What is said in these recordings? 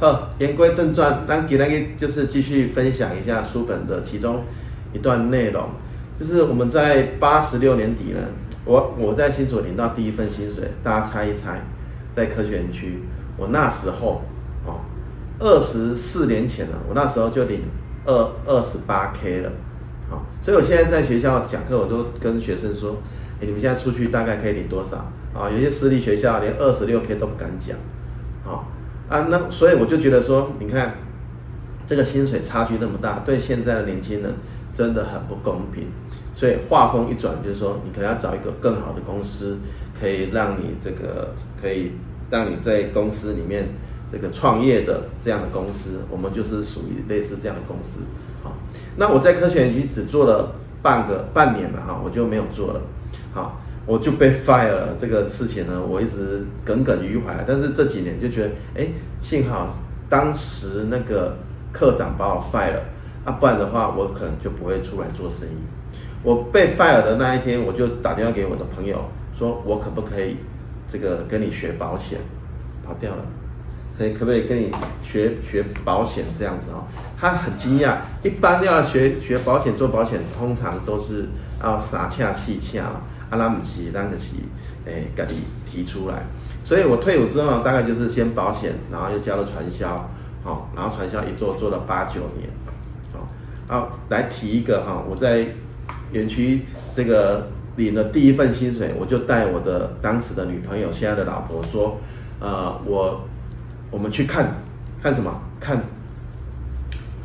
呵，言歸正傳，那給那個就是繼續分享一下書本的其中一段內容，就是我們在八十六年底了，我我在新竹領到第一份薪水，大家猜一猜，在科學園區，我那時候哦二十四年前了，我那時候就領二二十八 K 了，啊、哦，所以我現在在學校講課，我都跟學生說，哎、欸，你們現在出去大概可以領多少啊、哦？有些私立學校連二十六 K 都不敢講。啊，那所以我就覺得說，你看這個薪水差距那麼大，對現在的年輕人真的很不公平。所以話鋒一轉，就是說你可能要找一個更好的公司，可以讓你這個，可以讓你在公司裡面這個創業的這樣的公司，我們就是屬於類似這樣的公司。好，那我在科學院只做了半個半年了哈，我就沒有做了。好。我就被 fire 了，這個事情呢，我一直耿耿於懷。但是這幾年就覺得，哎、欸，幸好當時那個課長把我 fire 了，啊，不然的話我可能就不會出來做生意。我被 fire 的那一天，我就打電話給我的朋友，說，我可不可以這個跟你學保險，跑掉了，可可不可以跟你學學保險這樣子哦，他很驚訝，一般要學學保險、做保險，通常都是要傻洽細洽阿拉姆奇，蘭克奇，誒，趕緊、就是欸、提出來。所以我退伍之後大概就是先保險，然後又交了傳銷，好、哦，然後傳銷一做做了八九年，好、哦，好、啊、來提一個哈、哦，我在園區這個領了第一份薪水，我就帶我的當時的女朋友，現在的老婆說，呃，我我們去看看什麼？看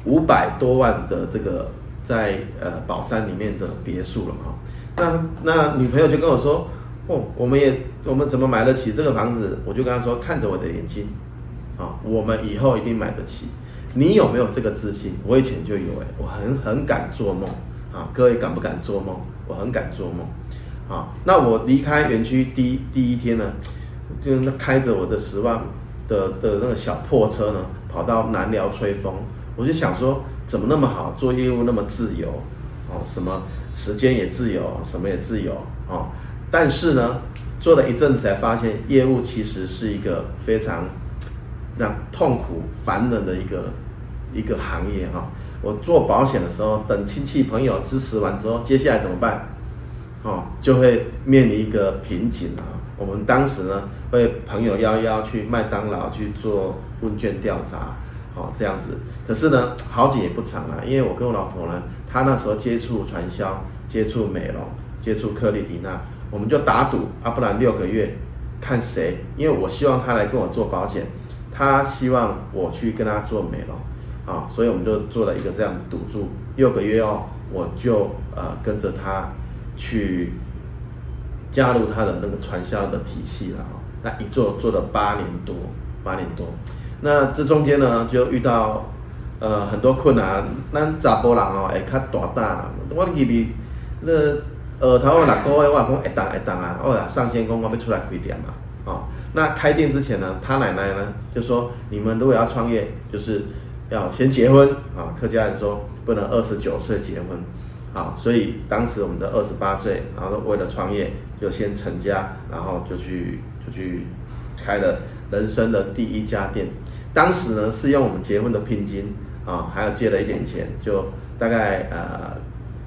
五百多萬的這個在呃寶山裡面的別墅了哈。哦那那女朋友就跟我說，哦，我們也我們怎麼買得起這個房子？我就跟她說，看着我的眼睛，啊、哦，我們以後一定買得起。你有沒有這個自信？我以前就有、欸，哎，我很很敢做夢啊、哦。各位敢不敢做夢？我很敢做夢啊、哦。那我離開園區第一第一天呢，就那開着我的十萬的的那個小破車呢，跑到南寮吹風。我就想說，怎麼那麼好做業務那麼自由？什麼時間也自由，什麼也自由哦，但是呢，做了一陣子才發現，業務其實是一個非常讓痛苦、煩人的一個一個行業哈、哦。我做保險的時候，等親戚朋友支持完之後，接下來怎麼辦？哦，就會面臨一個瓶頸啊、哦。我們當時呢，被朋友邀邀去麥當勞去做問卷調查，哦，這樣子。可是呢，好景也不長啊，因為我跟我老婆呢。他那時候接觸傳銷，接觸美容，接觸克麗緹娜，我們就打賭，啊不然六個月看誰，因為我希望他來跟我做保險，他希望我去跟他做美容，啊，所以我們就做了一個這樣的賭注，六個月哦，我就呃跟着他去加入他的那個傳銷的體系了，那一做做了八年多，八年多，那這中間呢就遇到。呃，很多困難，咱查甫人哦、喔、會比較大膽。我認為、那個，你額頭個六個月，我講會動一動啊。我啦，生鮮工我咪出來開店啦，啊、哦，那開店之前呢，他奶奶呢就說，你們如果要創業，就是要先結婚啊、哦。客家人說不能二十九歲結婚，好、哦，所以當時我們的二十八歲，然後為了創業就先成家，然後就去就去開了人生的第一家店。當時呢是用我們結婚的聘金。啊，還有借了一點錢，就大概呃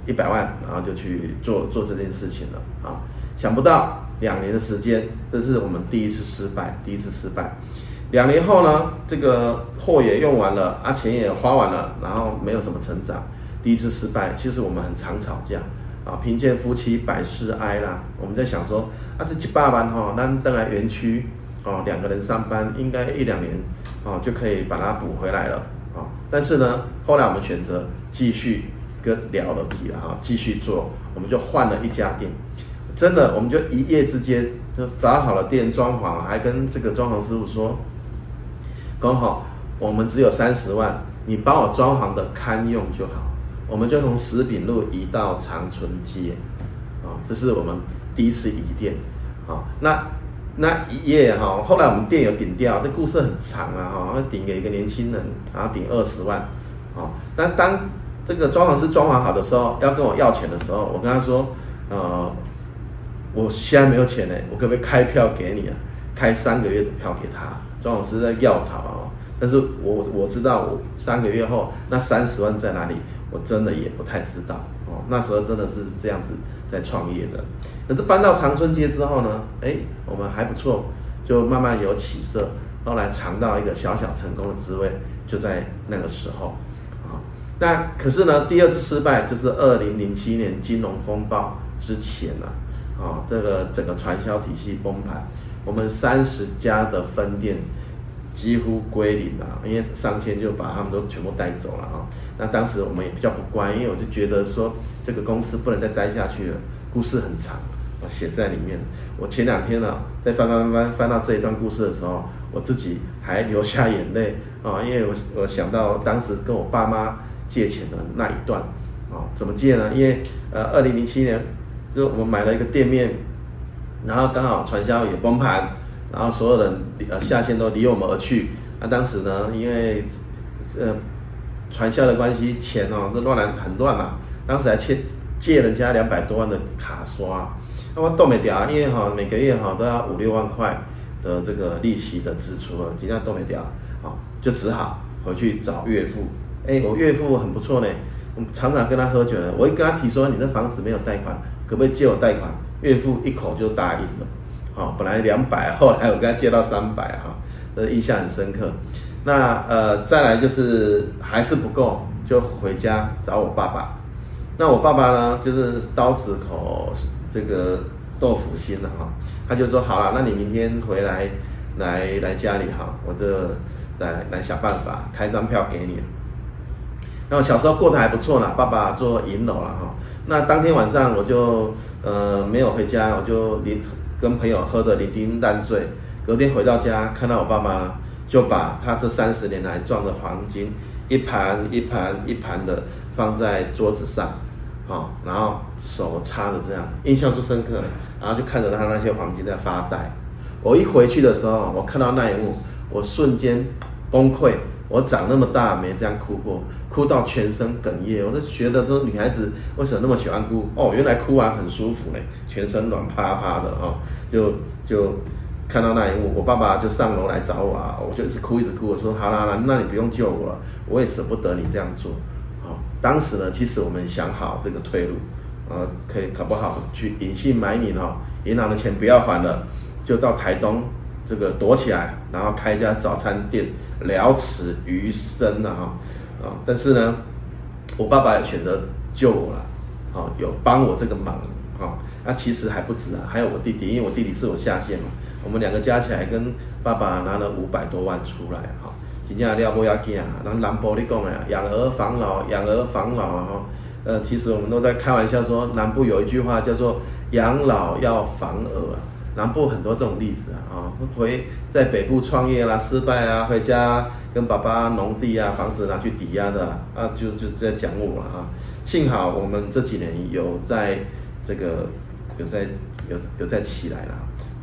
一百萬，然後就去做做這件事情了啊。想不到兩年的時間，這是我們第一次失敗，第一次失敗。兩年後呢，這個貨也用完了啊，錢也花完了，然後沒有什麼成長，第一次失敗。其實我們很常吵架啊，貧賤夫妻百事哀啦。我們在想說啊，這七八萬哈，那、啊、當來園區哦，兩、啊、個人上班應該一兩年哦、啊、就可以把它補回來了。但是呢，後來我們選擇繼續跟聊了梯了啊，繼續做，我們就換了一家店，真的，我們就一夜之間就找好了店，裝潢，還跟這個裝潢師傅說，剛好我們只有三十萬，你幫我裝潢的堪用就好，我們就從石屏路移到長春街，啊，這是我們第一次移店啊，那。那一夜哈，後來我們店有頂掉，這故事很長啊哈，頂給一個年輕人，然後頂二十萬，哦，那當這個裝潢師裝潢好的時候，要跟我要錢的時候，我跟他說，呃，我現在沒有錢呢，我可不可以開票給你啊？開三個月的票給他，裝潢師在要他啊，但是我我知道我三個月後那三十萬在哪裡，我真的也不太知道。哦，那時候真的是這樣子在創業的，可是搬到長春街之後呢，哎、欸，我們還不錯，就慢慢有起色，後來嚐到一個小小成功的滋味，就在那個時候，啊、哦，那可是呢，第二次失敗就是二零零七年金融風暴之前啊。啊、哦，這個整個傳銷體系崩盤，我們三十家的分店。幾乎歸零了，啊，因為上線就把他們都全部帶走了啊。那當時我們也比較不乖，因為我就覺得說這個公司不能再待下去了。故事很長，我寫在裡面。我前兩天呢、啊，在翻翻翻翻翻到這一段故事的時候，我自己還流下眼淚啊，因為我我想到當時跟我爸媽借錢的那一段啊，怎麼借呢？因為呃，二零零七年就我們買了一個店面，然後剛好傳銷也崩盤。然後所有人呃下線都離我們而去。那當時呢，因為呃傳銷的關係，錢哦都亂來，很亂嘛、啊。當時還欠借，借人家兩百多萬的卡刷，那我都沒掉，因為哈、哦、每個月哈、哦、都要五六萬塊的這個利息的支出啊，實際都沒掉，啊、哦、就只好回去找岳父。哎、欸，我岳父很不錯呢，我常常跟他喝酒呢。我一跟他提說，你這房子沒有貸款，可不可以借我貸款？岳父一口就答應了。好，本來兩百，後來我跟他借到三百，哈，那印象很深刻。那呃，再來就是還是不夠，就回家找我爸爸。那我爸爸呢，就是刀子口這個豆腐心了，哈，他就說好了，那你明天回來來來家裡，哈，我就來來想辦法開張票給你。那我小時候過得還不錯啦，爸爸做銀樓了，哈。那當天晚上我就呃沒有回家，我就離。跟朋友喝得酩酊大醉，隔天回到家，看到我爸媽，就把他這三十年來賺的黃金一盤一盤一盤、一盤的放在桌子上，好，然後手插着這樣，印象最深刻。然後就看着他那些黃金在發呆。我一回去的時候，我看到那一幕，我瞬間崩潰。我長那麼大沒這樣哭過，哭到全身哽咽，我就覺得說女孩子為什麼那麼喜歡哭？哦，原來哭完、啊、很舒服嘞、欸，全身軟趴趴的哦。就就看到那一幕，我爸爸就上樓來找我，我就一直哭一直哭，我說好啦，好啦，那你不用救我了，我也捨不得你這樣做。好、哦，當時呢，其實我們想好這個退路，啊、嗯、可以搞不好去隱姓埋名哈，銀、哦、行的錢不要還了，就到台東這個躲起來，然後開一家早餐店。了此餘生了哈，啊，但是呢，我爸爸也選擇救我了，有幫我這個忙，啊那其實還不止啊，還有我弟弟，因為我弟弟是我下線嘛，我們兩個加起來跟爸爸拿了五百多萬出來，哈、啊，新廖坡要講啊，南蘭博你講呀，養兒防老，養兒防老啊，呃、啊，其實我們都在開玩笑說，南部有一句話叫做養老要防兒、啊。南部很多這種例子啊，啊，回在北部創業啦，失敗啊，回家跟爸爸農地啊，房子拿去抵押的，啊，就就在講我了啊。幸好我們這幾年有在，這個有在有有在起來了，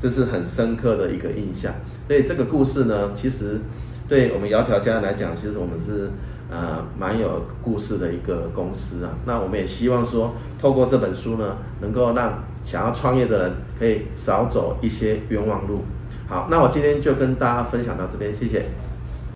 這是很深刻的一個印象。所以這個故事呢，其實對我們窈窕家來講，其實我們是呃蠻有故事的一個公司啊。那我們也希望說，透過這本書呢，能夠讓。想要創業的人可以少走一些冤枉路。好，那我今天就跟大家分享到這邊，謝謝。